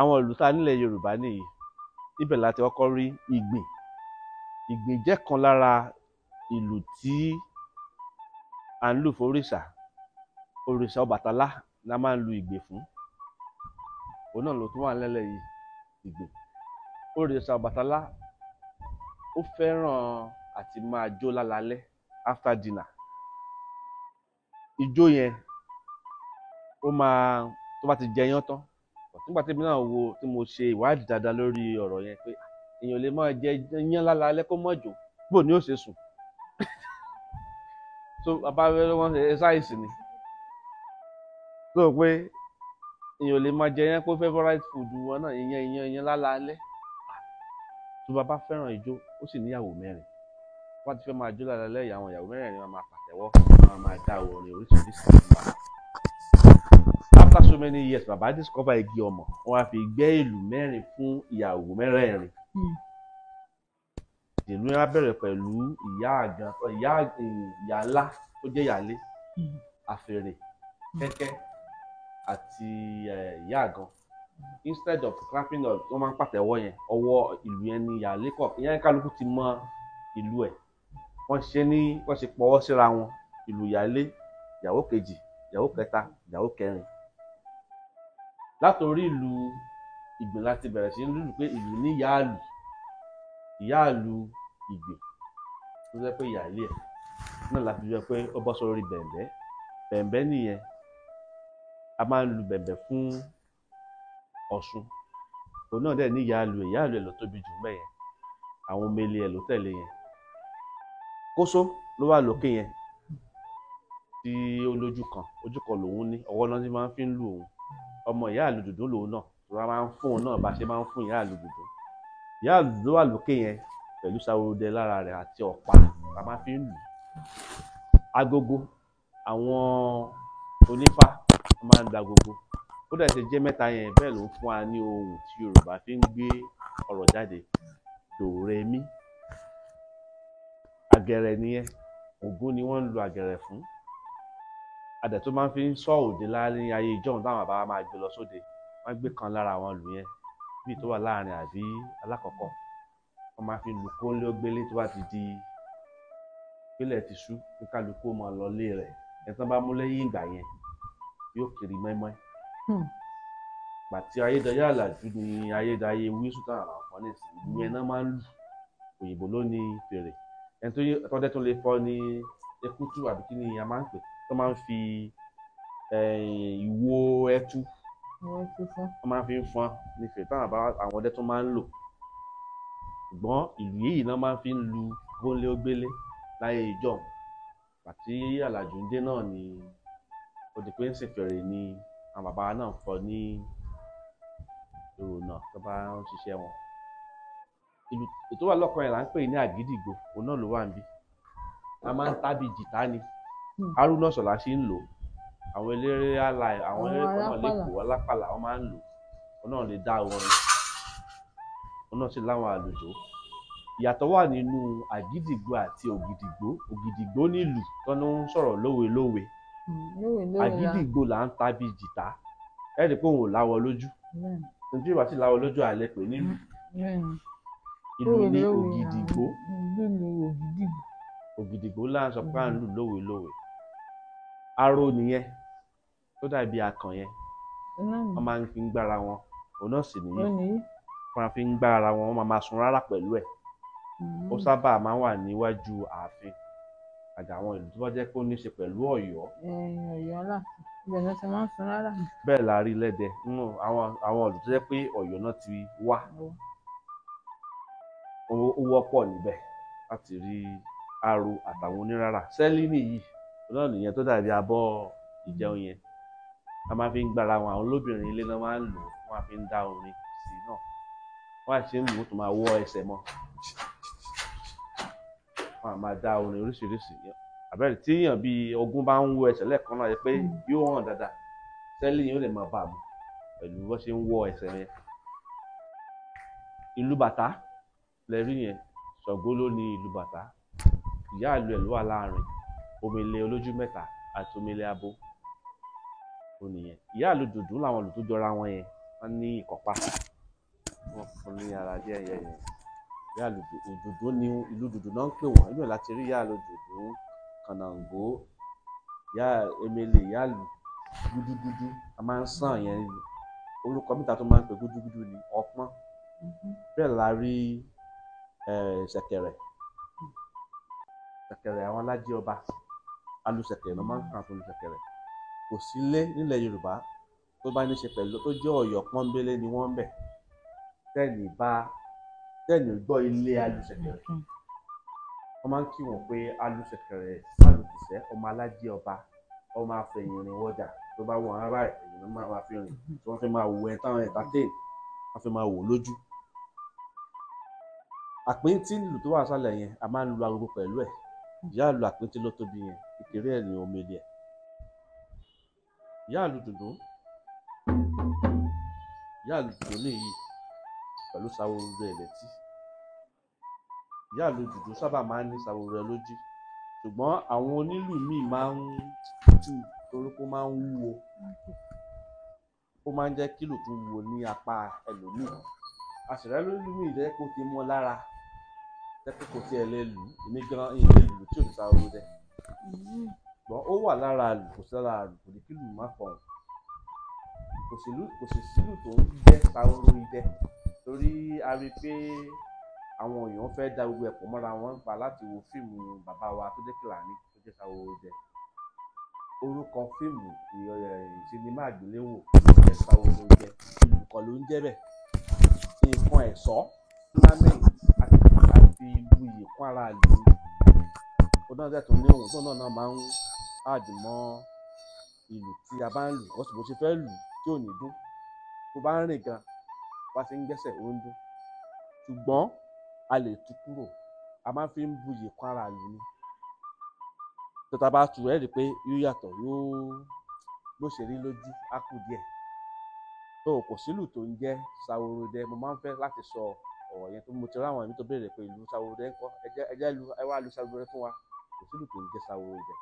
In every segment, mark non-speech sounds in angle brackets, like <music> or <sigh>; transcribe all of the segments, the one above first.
àwọn ìlú tá nílẹ̀ yorùbá nìyí ibẹ̀ láti kọ́kọ́ rí ìgbìn ìgbìn jẹ́ kan lára ìlù tí à ń lù fún òrìṣà òrìṣà ọbàtálá la máa ń lu ìgbìn fún òun náà ló tún wà lẹ́lẹ̀ yìí ìgbìn òrìṣà ọbàtálá ó fẹ́ràn àti máa jó lálalẹ́ after dinner ijó yẹn ó máa tó bá ti jẹyán tán nígbà tí èmi náà wo tí mo ṣe ìwádìí dáadáa lórí ọ̀rọ̀ yẹn pé ah, èèyàn lè máa jẹ yán lálá alẹ́ kó mọ̀jò bò ní ó ṣe sùn <laughs> so bàbá rẹ wọn ṣe ẹsáìsì ni so pé èèyàn lè máa jẹ yẹn pé favourite food wọn náà ìyẹn ìyẹn ìyẹn lálá alẹ́ tó ah, bàbá fẹ́ràn ijó ó sì níyàwó mẹ́rin wọ́n ti fẹ́ máa jó lálẹ́ ìyàwó ìyàwó mẹ́rin ni wọ́n máa pàtẹ́wọ́ wọ́n máa dá orin oríṣiríṣi so many years bàbá discover igi ọmọ wọn á fi gbẹ́ ìlú mẹ́rin fún ìyàwó mẹ́rẹ̀ẹ̀rin hmm. ìlú yẹn á bẹ̀rẹ̀ pẹ̀lú ìyá àgbà ìyá ìyá ńlá tó jẹ́ ìyálé hmm. àfèrè hmm. kẹ́kẹ́ àti ìyá àgàn instead of clapping up wọ́n máa ń pàtẹ́wọ́ yẹn ọwọ́ ìlú yẹn ní ìyálé kọ̀ ìyẹn kálukú ti mọ ìlú ẹ̀ wọ́n ṣe ní wọ́n ṣe pọ̀wọ́ síra wọn ìlú ìyálé ìyàwó kejì ìyàwó kẹta ìyàwó kẹrin látòrí ìlú ìgbìn láti bẹ̀rẹ̀ sí lùlù pé ìlú ní ìyáàlù ìyáàlù ìgbìn tó jẹ́ pé ìyá ilé ẹ̀ náà láti jẹ́ pé ó bọ́ sórí bẹ̀m̀bẹ́ bẹ̀m̀bẹ́ nìyẹn a máa ń lu bẹ̀m̀bẹ́ fún Ọ̀ṣun òun náà dẹ̀ ní ìyáàlù ìyáàlù ẹ̀ ló tóbi jù mẹ́yẹn àwọn ọmọ ilé ẹ̀ ló tẹ̀lé yẹn Kóso ló wà lókè yẹn tí ó lójú kan ojú kan lòun ní ọwọ́ náà ti máa fi ń lu òun ọmọ ìyá àlùdùdún lòun náà tó wá máa ń fún òun náà bá ṣe máa ń fún ìyá àlùdùdún ìyá àlùdùdún wà lókè yẹn pẹ̀lú ṣàwòrán lára rẹ̀ àti ọ̀pá la máa fi ń lù agogo àwọn onífá máa ń da agogo ó dẹ̀ ṣe jẹ́ mẹ́ta yẹn bẹ́ẹ̀ ló ń fún wa ní ohun tí Yorùbá fi ń gbé ọ̀rọ̀ jáde dòrèmí àgẹ̀rẹ̀ nìyẹn Ògún ni wọ́n ń lo àgẹ̀rẹ̀ fún adẹ̀ tó máa ń fi ń sọ òde láàrin ayé ìjọ́un táwọn bàbá máa gbé lọ sóde wọ́n gbé kan lára àwọn ìlú yẹn bíi tó wà láàrin àbí alákọ̀ọ́kọ́ wọ́n máa fi lu kóńlé ógbélé tó bá ti di pélé ti sú kí kálukú máa lọ lé rẹ̀ ẹni tó bá mú lẹ́yìn ìgbà yẹn yóò kiri mọ́ínmọ́ín. pàtí hmm. ayédáyé àlàjú ni ayédáyé wíṣù táwọn àwọn nìsín ìlú yẹn náà máa ń lù òyìnbó ló ní fèrè ẹni tó tọ́jú tó lè fọ́ ní ekutu àbí kí ni a máa ń pè é tó máa ń fi eh, ìwo ẹtu tó máa ń fi fọn nífẹ̀ẹ́ táwọn bá àwọn ọdẹ tó máa ń lò ṣùgbọ́n ìlú yìí náà máa ń fi ń lu gbónlé ógbélé láyé ìjọ àti Àlàjúndé náà ni ó di pé ń ṣèfèrè ni àwọn bàbá náà fọ ní ìrònà tó bá ń ṣiṣẹ́ wọn ìlú ètò wà lọ́kàn yẹn là ń pè ní àgídìgbò òun náà ló wà níbí a máa ń tábì jìtá ni haruna sọlá ṣì ń lò àwọn eléré aláì àwọn eléré kan náà lẹkọọ alápàlà wọn máa ń lò wọn náà lè dá orin wọn náà sì láwọn àlùjọ ìyàtọ̀ wà nínú àgídìgbò àti ògìdìgbò ògìdìgbò nílùú tó ń sọ̀rọ̀ hmm, lówe lówe àgídìgbò là ń ta bíi jìtá ẹ rí i pé òun ò láwọ lójú nítorí ìwà sí láwọ lójú àlẹ pé nílùú hmm, ìlú ni hmm, ògìdìgbò ògìdìgbò là ń sọ pé à ń lù lówe lówe aro nìyẹn tó dàbí akàn yẹn wọ́n máa ń fi gbára wọn òun náà sì nìyí wọ́n máa fi ń gbára wọn wọ́n máa máa sun rárá pẹ̀lú ẹ̀ hmm. ó sábà máa ń wà níwájú ààfin àgbà àwọn ìlú tó bá jẹ́ pé ó ní í ṣe pẹ̀lú Ọ̀yọ́. Ọ̀yọ́ náà ibẹ̀ náà ti máa ń sun rárá. bẹ́ẹ̀ la rí lẹ́dẹ̀ àwọn ìlú tó jẹ́ pé Ọ̀yọ́ náà ti wá ó wọ́pọ̀ níbẹ̀ láti rí aro àtàwọn onírárà sẹ́línì yìí ọlọ́ọ̀nù yẹn tó dàbí abọ́ ìjẹun mm. yẹn a máa fi ń gbára wọn àwọn olóbìnrin ilé náà máa ń lò wọn á fi ń dá orin sí náà wọn á ṣe ń mú tó máa wọ ẹsẹ̀ mọ́ wọn á máa dá orin oríṣiríṣi àbẹ̀rẹ̀ tí èèyàn bíi ogún bá ń wọ ẹsẹ̀ lẹ́ẹ̀kan náà yẹ pé mm. yóò hàn dáadáa tẹ́lẹ̀ yóò lè máa bà mú pẹ̀lú bó ṣe ń wọ ẹsẹ̀ yẹn ìlú bàtá lẹ́rí yẹn Ṣàngó ló ní ìlú bàtá ìyá ìlú ẹ̀ ló wà láàrin omele olójú mẹ́ta àti omele abo ó nìyẹn ìyá àlùdùdù làwọn olù tó jọra wọn yẹn wọn ní ìkọ̀pá wọn fún ní ara díẹ̀ yẹn yẹn ìyá àlùdùdù ni ìlú dùdù náà ń pè wọn inú ẹ̀ láti rí ìyá àlùdùdù kànáńgó ìyá emele ìyá gúdúgúdú a máa ń sàn yẹn orúkọ mẹ́ta tó máa ń pè gúdúgúdú ni ọpọ́n bẹ́ẹ̀ la rí ṣẹ̀kẹ̀rẹ̀ ṣẹ̀kẹ̀rẹ̀ àwọn alájẹ ọba alùsẹ̀kẹ̀ ló máa ń kà fún alùsẹ̀kẹ̀rẹ̀ kò sílé nílẹ̀ yorùbá tó bá ní í ṣe pẹ̀lú tó jẹ́ ọ̀yọ́ pọ́nbélé ni wọ́n ń bẹ̀ tẹ́ẹ̀nì bá tẹ́ẹ̀nì gbọ́ ilé alùsẹ̀kẹ̀rẹ̀ mm-hmm. wọ́n máa ń kí wọn pé alùsẹ̀kẹ̀rẹ̀ sálùkìsẹ́ ọmọ alájẹ ọba ọmọ afẹ̀yìnrìn wọ́dà tó bá wọn ará ẹ̀yìn máa wá fi rìn mm-hmm. tí wọ́n fi máa wò ẹ̀ táwọn ẹ̀ta tẹ̀ wọ́n ìyá lu àpéntí ló tóbi yẹn irú ẹ̀ ní omele ẹ̀ ìyá àlùdùndú ìyá àlùdùndú nìyí pẹ̀lú Ṣaworoide Ẹlẹ́tì ìyá àlùdùndú sábà máa ń ní Ṣaworoide lójú ṣùgbọ́n àwọn onílù míì máa ń tù torí pé ó máa ń wúwo ó máa ń jẹ́ kílò tó wúwo ní apá ẹlòmíì àṣìrẹ́ lómi ìdẹ́kùn ti mọ́ lára tẹ́kùn kò tiẹ̀ lè lù ú èmi gan-an ìlú tí ò ní Ṣaworoide ṣùgbọ́n ó wà lára àlùkòsí lára àlùkòdì kí lù má kàn kò sì sílù tó ń jẹ́ sahoro idẹ torí a rí i pé àwọn èèyàn fẹ́ da gbogbo ẹ̀pọ̀ mọ́ra wọn pa láti wo fíìmù bàbá wa tó jẹ́ Kìlàní tó jẹ́ sahoro idẹ orúkọ fíìmù sinimá àgbéléwò tó jẹ́ sahoro idẹ olùkọ́ ló ń jẹ́ bẹ́ẹ̀ ẹ̀ṣọ́ lámẹ́yìn àti ìlú yìí ara ìlú ó náà dẹ̀ tó ní òun tóun náà náà máa ń àdìmọ́ ìlù tí a bá ń lù ọ̀sùn bó ṣe fẹ́ lù tí ò ní dún tó bá ń rìn gan bá ṣe ń gbẹ́sẹ̀ ó ń dún ṣùgbọ́n a lè tú kúrò a máa fi ń buyì kún ara ìlù ni tọ́ta bá tu ẹ́ rí i pé yóò yàtọ̀ yóò bó ṣe rí lójú á kù díẹ̀ tó kò sílù tó ń jẹ́ ṣàwòròdẹ mo máa ń fẹ́ láti sọ ọ̀rọ̀ yẹn tó mo ti ráwọn ẹ̀mí tó béèrè pé ìlú ṣàwòròdẹ ńkọ́ ẹ jẹ́ lu ẹ wá lu ṣàwòròdẹ fún wa kò sílù tó ń jẹ́ Ṣàwòrẹ́dẹ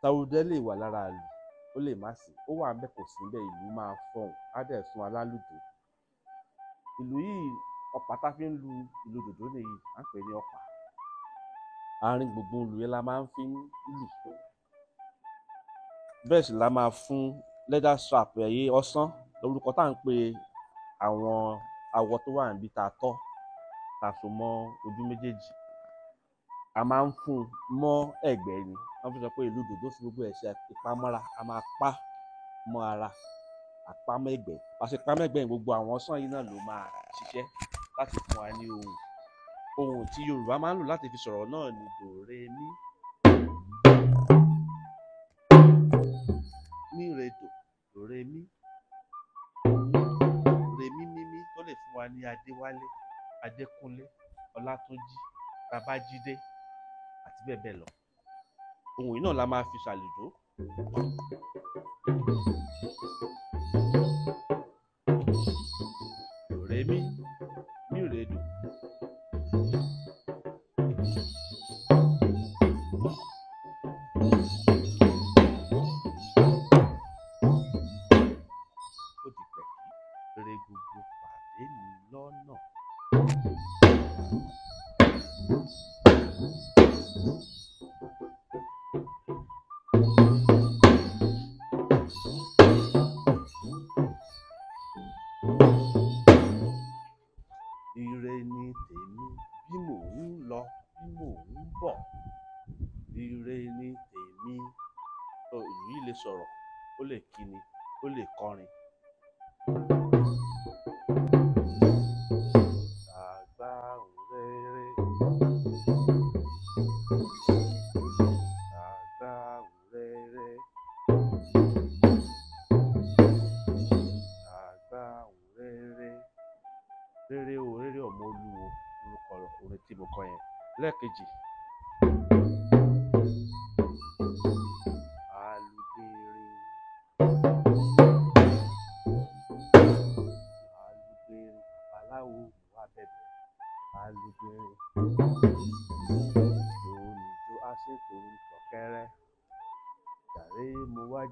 Ṣàwòrẹ́dẹ lè wà lára ìlù ó lè má sí ó wà ńbẹ̀ kò sí ńbẹ̀ ìlú máa fọhùn á dẹ̀ sún alálùdó ìlú yìí ọ̀pá tá fi ń lu ìlù dòdò nìyí à pè ní ọ̀pá àárín gbùngbùn ìlù yẹn la máa ń fi ń lù bẹ́ẹ̀ sì la máa fún leather strap ẹ̀yẹ ọsán lórúkọ tá à ń pè àwọn awọ tó wà níbi tá a tọ́ tá a so mọ́ ojú méjèèjì a máa ń fún un mọ́ ẹ̀gbẹ́ ni wọ́n fi sọ pé ìlú dòdò fi gbogbo ẹ̀ ṣe ìpamọ́ra a máa pa mọ́ ara àpamọ́ ẹ̀gbẹ́ pàṣẹ pamọ́ ẹ̀gbẹ́ yìí gbogbo àwọn ọsàn yìí náà ló máa ṣiṣẹ́ láti fún wa ní ohùn ohùn tí Yorùbá máa ń lò láti fi sọ̀rọ̀ náà ni do re mi mi re do do re mi re mi mi mi tó lè fún wa ní Adéwálé Adékúnlé Ọlátúnjí Babájídé bẹ́ẹ̀ bẹ́ẹ̀ lọ ohun yìí náà la máa fi ṣàlejò. ọ̀rẹ́ mi.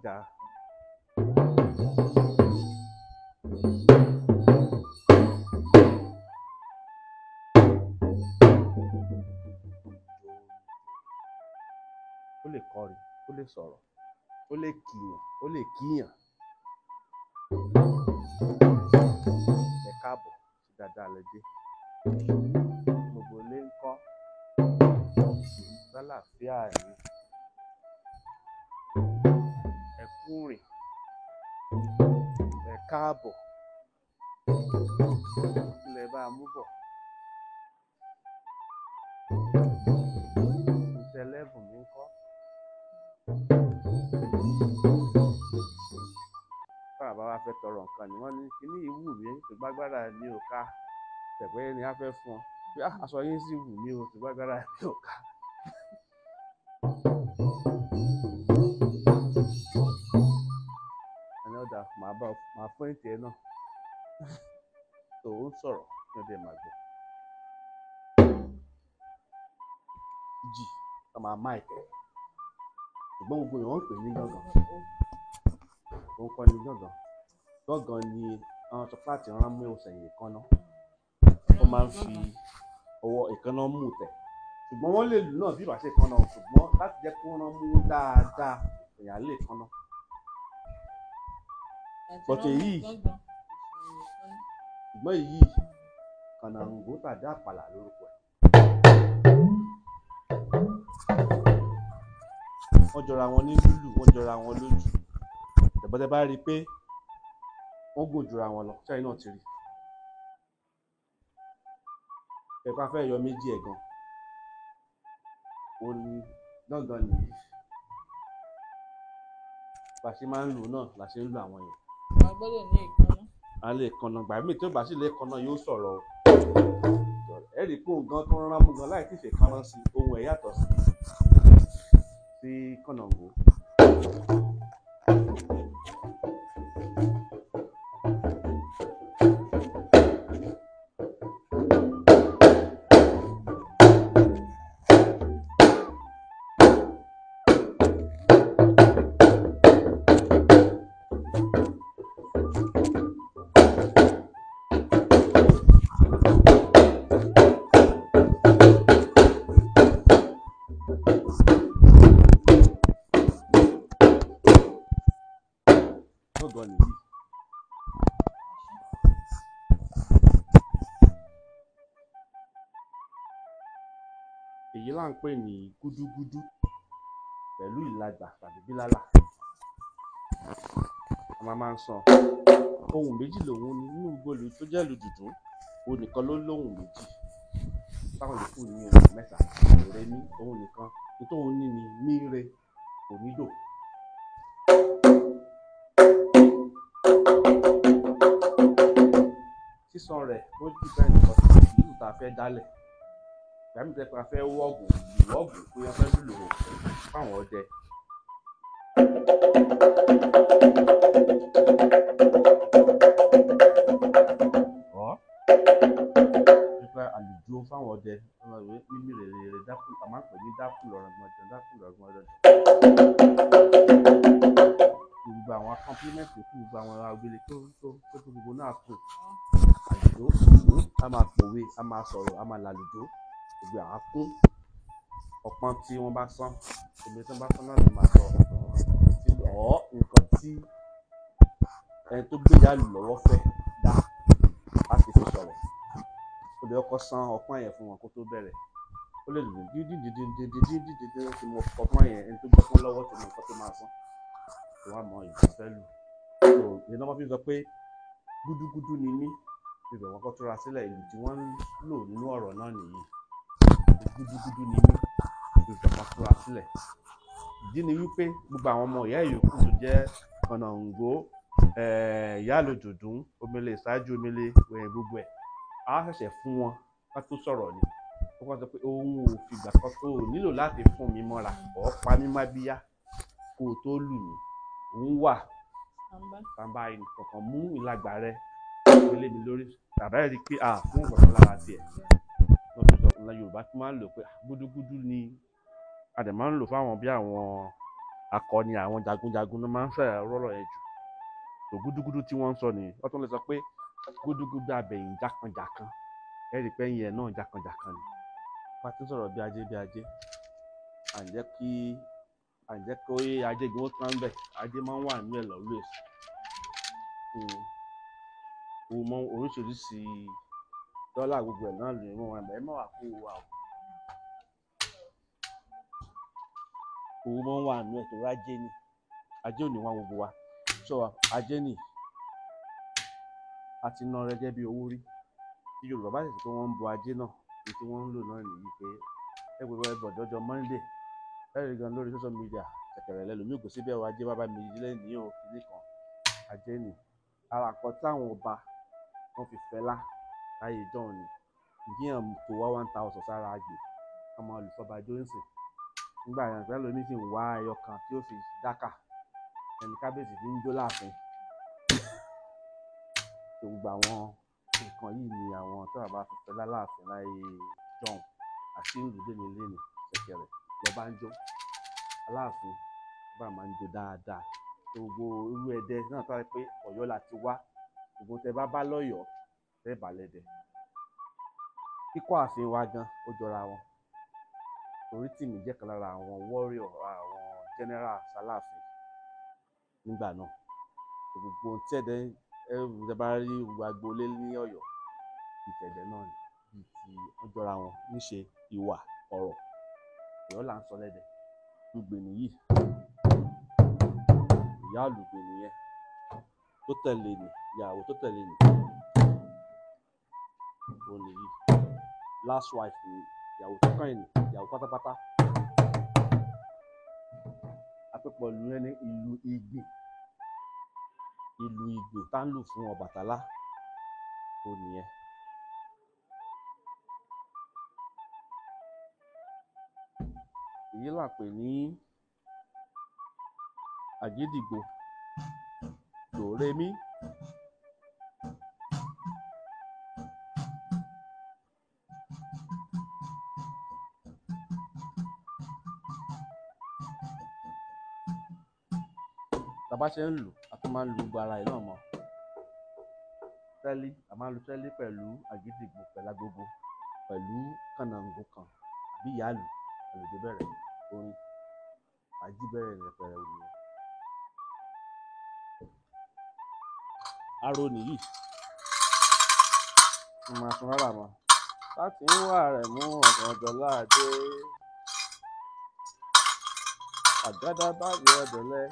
dáa. ó lè kọrin ó lè sọ̀rọ̀ ó lè kìyàn ó lè kíyàn. ẹ káàbọ̀ sí dáadáa lẹ́dẹ́ gbogbo ilé ń kọ́ lálàáfíà ni kú rìn ẹ káàbọ̀ ilẹ̀ bá a mú bọ̀ ìtẹ̀lẹ́bùn mi ń kọ́ bàbá wa fẹ́ tọrọ nǹkan ni wọ́n ní kíní ìwù mí ìgbàgbára mi ò ká tẹ̀pẹ́ ni a fẹ́ fún ọ bí aṣọ yín sì wù mí o ìgbàgbára mi ò ká. ọ̀dà màá bá màá fún ètè ẹ náà tó ń sọ̀rọ̀ ní ọdẹ màá gbọ́. jì ká máa má ìtẹ̀ ṣùgbọ́n gbogbo èèyàn ń pè ní gángan òun kọ́ ni gángan gángan ni àwọn chocolate rán mú òsèyìn ìkànnà wọ́n máa ń fi ọwọ́ ìkànnà mú tẹ̀ ṣùgbọ́n wọ́n lè lù náà bí ìbáṣe ìkànnà ṣùgbọ́n láti jẹ́ kí rán mú dáadáa èèyàn lè bọ̀tẹ̀ yìí ṣùgbọ́n èyí kànáńgó tàdá àpàlà lórúkọ ẹ̀. wọ́n jọra wọn ní lúlù wọ́n jọra wọn lójú tẹ̀bọ́tẹ̀ bá rí i pé wọ́n gòjòra wọn lọ ṣáà náà ti rí i ẹ̀ka fẹ́ yọ méjì ẹ̀ gan òní gangan nìyí bá máa ń lò náà la ń lo àwọn yẹn a gbọ́dọ̀ ní ìkànnà. a lè kànnà gbà mí tó bá sì lè kànnà yóò sọ̀rọ̀ o ẹ rí i pé òun gan tó rán mú gan láì tìfẹ́ kànnà sí ohun ẹ̀ yàtọ̀ sí sí kànnà wò. à ń pè ní gúdúgúdú pẹ̀lú ìlàgbà tàbí bílálà a máa máa ń sàn ohùn méjì lòun ní nínú gbòòlù tó jẹ́ ìlù dùdú òun nìkan ló lóhùn méjì táwọn yòókù ní ohùn mẹ́ta òre ní òun nìkan nítòun ní ni míre onídò. sísan rẹ̀ ó dìbẹ́ nìkan sí ìlú tá a fẹ́ dálẹ̀ tàbí ìtẹ́pà fẹ́ wọ́ọ̀bù ìwọ́ọ̀bù kó yẹ fẹ́ lùlù hò fáwọn ọdẹ. nípa àlùjọ fáwọn ọdẹ mímí rèrè rè dákú àmọ́ pè ní dákú lọ́rọ̀ gbọ́dọ̀ dákú lọ́rọ̀ gbọ́dọ̀. gbogbo àwọn akọ́mpímẹ́ǹtì kù gbogbo àwọn agbélé tó tó tó gbogbo náà kù àlùjọ a máa pòwe a máa sọ̀rọ̀ a máa làlùjọ gbogbo àwọn kún ọpọ́n tí wọ́n bá sán èmi tí wọ́n bá sán náà ló máa sọ ọ̀ nǹkan tí ẹni tó gbé yàrá lọ́wọ́ fẹ́ dá láti fi sọ̀rọ̀ ó lè kọ́kọ́ san ọpọ́n yẹn fún wọn kó tó bẹ̀rẹ̀ ó lè dùn dídídídídídídídídídí tí mo ọpọ́n yẹn ẹni tó gbọ́pọ́n lọ́wọ́ tó mọ nǹkan tó máa sán tó wà mọ ìgbà fẹ́ lù tó ìyẹn náà fi sọ pé gúdúgúdú ni mí ibẹ̀ kọ́ tóra sílẹ̀ ìlú tí wọ́n ń lò nínú ọ̀rọ̀ náà nìyí gúdúgúdú ni mí ìjọba fura sílẹ̀ ìdí ni wípé gbogbo àwọn ọmọ ìyá ìyókù tó jẹ́ ọ̀nàǹgó eh, ìyá àlòdùdún omele ìṣáájú omele wẹ̀yìn gbogbo ẹ̀ á ṣẹ̀ṣẹ̀ fún wọn ká tó sọ̀rọ̀ ni ó kàn sọ pé òun ò fìgbà kan tó o nílò láti fún mi mọ́ra ọ̀ pa mí má bíyá kó o tó lù mí òun wà bàbá ìkọ̀kan mú ìlagbà rẹ wọlé mi lórí bàbá ẹ̀ rí i pé a fún ìgbàkan lára tiẹ̀ ilẹ̀ yorùbá máa ń lò pé ah, gúdúgúdú ni a dẹ̀ máa ń lò fáwọn bí àwọn akọni àwọn jagunjagun ló máa ń fẹ́ rọ́rọ̀ yẹn jù tó gúdúgúdú tí wọ́n ń sọ nìyí wọ́n tún lè sọ pé gúdúgúdú abẹ̀yìn jákànjákàn ẹ̀rí pé ẹ̀yìn ẹ̀ náà jákànjákàn ni wọ́n ti ń sọ̀rọ̀ bí ajé bí ajé à ń jẹ́ kí à ń jẹ́ kí ajé gbọ́n tán bẹ̀ ajé máa ń wà nínú lọ́wọ́ èso hmm. oríṣiríṣi dọ́là gbogbo ẹ̀ náà lè mú wọn ẹ̀ mọ̀ wá kó wa o. owó mọ́ ń wà nù ẹ̀ tó rájé ni ajé ò ní wá gbogbo wa sọ ajé nì a ti ná gẹ́gẹ́ bí owó rí tí Yorùbá bá tẹ̀sí pé wọ́n ń bọ ajé náà èyí tí wọ́n ń lò náà nìyí pé ẹ gbọ́dọ̀ ẹ bọ̀dọ̀ ọjọ́ Monday lẹ́rìí gan lórí social media kẹ̀kẹ̀rẹ̀ lẹ́lòmíì kò síbẹ̀ wọ ajé bàbá mi yìí lẹ́yìn ní òkìlì kan ajé nì ara táwọn ọba wọn fi fẹ́ lá láyé John, ni ìyíyàn tó wá one thousand sára àgbè ọmọ olùfọba johnson nígbà yẹn pẹ̀lú omi sì ń wá ẹyọ kan tí ó fi dákà ẹni kábíyèsí fi ń jó láàfin tó gba àwọn nǹkan yìí ni àwọn tó bàbá fi fẹ́ láàfin láyé ìjọ́un àti olùdíni lẹ́nu ṣẹ̀kẹ̀rẹ̀ lọ́ba ń jó aláàfin bá máa ń jó dáadáa gbogbo irú ẹdẹ náà tó wáyé pé ọ̀yọ́ la ti wá gbogbo tẹ bá bá lọ́yọ̀ọ́ rẹ́bà lẹ́dẹ̀ kíkọ́ ààfin wa gan ó jọra wọn Orítìmí jẹ́ kan lára àwọn warrior àwọn general Aláàfin nígbà náà gbogbo tẹ̀dẹ̀ ẹ̀rùjọba rí agboolé ní Ọ̀yọ́ ìtẹ̀dẹ̀ náà ni bíi ti wọ́n jọra wọn níṣe ìwà ọ̀rọ̀ ìyọ́ là ń sọ lẹ́dẹ̀ lùgbìnì yìí ìyá àlùgbìnì yẹn tó tẹ̀lé ni ìyàwó tó tẹ̀lé ni gangan nìyí last wife ni ìyàwó tó kàn ní ìyàwó pátápátá àpẹpọ̀ ìlú ẹni ìlú Ìgbè ìlú Ìgbè tá ń lù fún Ọbàtálá ó nìyẹn. èyí là pè ní àgídìgbò dòrémí. bá ṣe ń lò a tún máa ń lu gbogbo ara yìí náà mọ́ tẹ́lí a máa ń lu tẹ́lí pẹ̀lú àgídìgbò pẹ̀lú pẹ̀lú kànàngó kan àbí ìyáàlù àlùjọ bẹ̀rẹ̀ orin àjíbẹ̀rẹ̀ rẹpẹrẹ ònìyàn. aró nìyí mo máa sun rárá mọ́ láti ń wà rẹ̀ mú ọ̀gàn dọ́là àgádá bá rí ọ̀dọ́lẹ́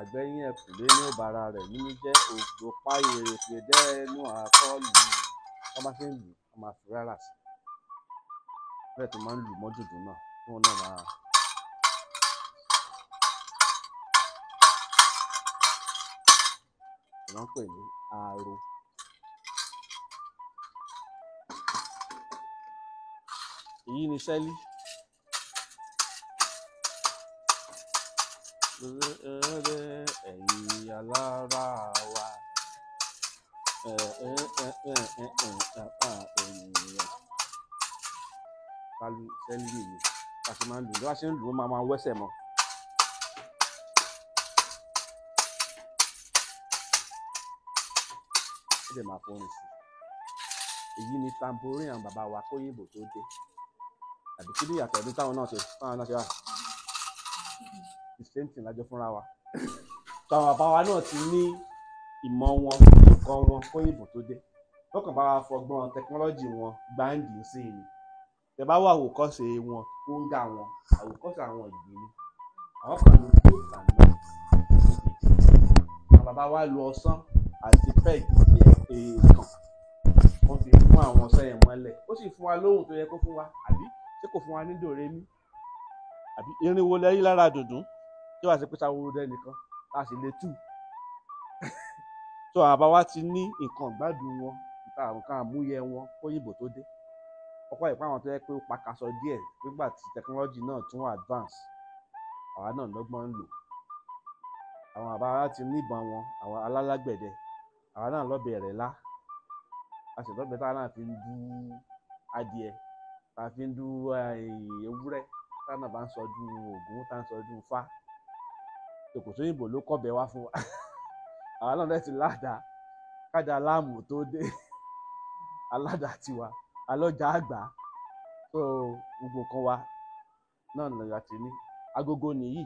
àgbẹ̀yìn ẹ̀kùlé ní òbára rẹ̀ nínú jẹ́ ògbó páyé rèké dẹ́nu àkọlù wọ́n bá ṣe ń bẹ́ẹ̀ tó máa ń lù mọ́dùdù náà kí wọ́n náà máa. wọ́n pè ní aro. èyí ni ṣẹ́lí. ẹ̀rẹ́ ẹ̀yin alára wa èyí ni tamborin àwọn bàbá wa kóyìnbó tó dé àbí kí ni ìyàtọ̀ ọdún táwọn náà ṣe táwọn náà ṣe wà the same thing lájọ fúnra wa táwọn bàbá wa náà ti ní ìmọ̀ wọn nǹkan wọn kóyìnbó tó dé lọ́kàn bá wa fọgbọ́n tẹkinọ́lọ́jì wọn gbáǹdì sí i ni tẹ bá wà àwòkọ́ṣe wọn tó ń ga wọn àwòkọ́ṣe àwọn ìgbín ni àwọn kan ló gbé ìtàná àwọn bàbá wa lu ọsán àti peg èèkàn wọn fi fún àwọn ọsán yẹn mọ́lẹ̀ ó sì fún wa lóhùn tó yẹ kó fún wa àbí ṣé kò fún wa ní dòrémí àbí irinwó lẹ́yìn lára dùndún tí wàá ṣe pé sáwó rẹ nìkan a sì lè tù tó <laughs> àbá wa ti ní nǹkan ìgbádùn wọn nǹkan àmúyẹ wọn kóyìnbó tó dé ọ̀pọ̀ ìpá àwọn tó yẹ pé ó pakasọ díẹ̀ nígbà tí tẹkinọ́lọ́jì náà tún advance àwa náà lọ́gbọ́n ń lò àwọn àbá wa ti níbọn wọn àwọn alálàgbẹ̀dẹ àwa náà lọ́bẹ̀ rẹ̀ lá a sì lọ́bẹ̀ táwa náà fi ń dú adìẹ tá a fi ń dú eh, ewúrẹ́ táwa náà bá ń sọdún ògún tá a ń sọdún fá ṣòkòtò òyìnbó ló kọ̀bẹ wá fún wa <laughs> àwọn náà ti ládàá kájà láàmù tó dé <laughs> aládàá tiwa alọ́jà àgbà tó gbogbo kan wa náà nàìjíríà ti ní agogo nìyí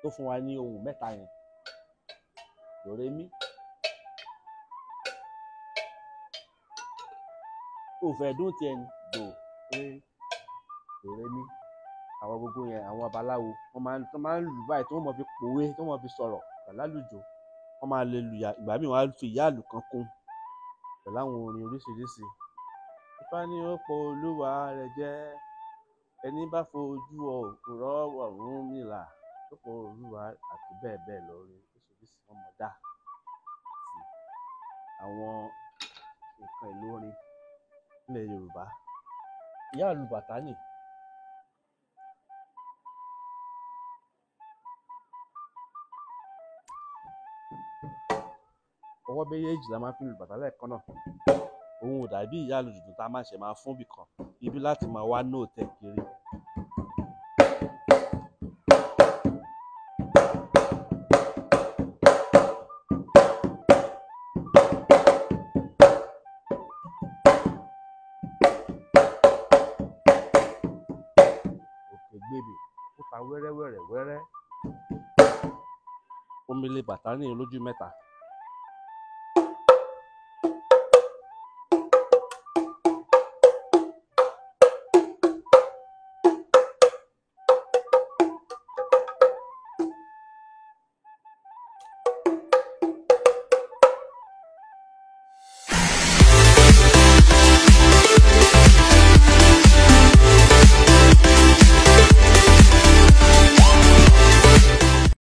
tó fún wa ní ohun mẹ́ta yẹn lórémí òfẹ̀dún tiẹ̀ ń dò ré lórémí àwọn gbogbo yẹn àwọn babaláwo wọ́n máa ń tó máa ń lù báyìí tó wọ́n máa fi pòwe tó wọ́n máa fi sọ̀rọ̀ pẹ̀lálùjọ wọ́n máa lè lùyà ìgbà míì wọ́n á fi ìyá àlù kan kún pẹ̀lú àwọn orin oríṣiríṣi. Ifá ní ó pọ olúwa rẹ̀ jẹ́ ẹni bá fojú ọ̀kùn rọ́wọ̀ Ọ̀rúnmìlà ó pọ olúwa àti bẹ́ẹ̀ bẹ́ẹ̀ lọ orin oríṣiríṣi wọ́n mọ̀ dá sí àwọn nǹkan ìlú orin nílẹ̀ Yorùbá. Ìyá àlù bàtá nìyí ọwọ́ méjèèjì la máa fi lu lẹ́ẹ̀kan náà òun ò dàbí ìyá àlùdùdù tá a máa ṣe máa fún bìkan ibi láti máa wá nóòtẹ̀ kiri wẹ́rẹ́wẹ́rẹ́ wẹ́rẹ́. omele bàtà ní olójú mẹ́ta.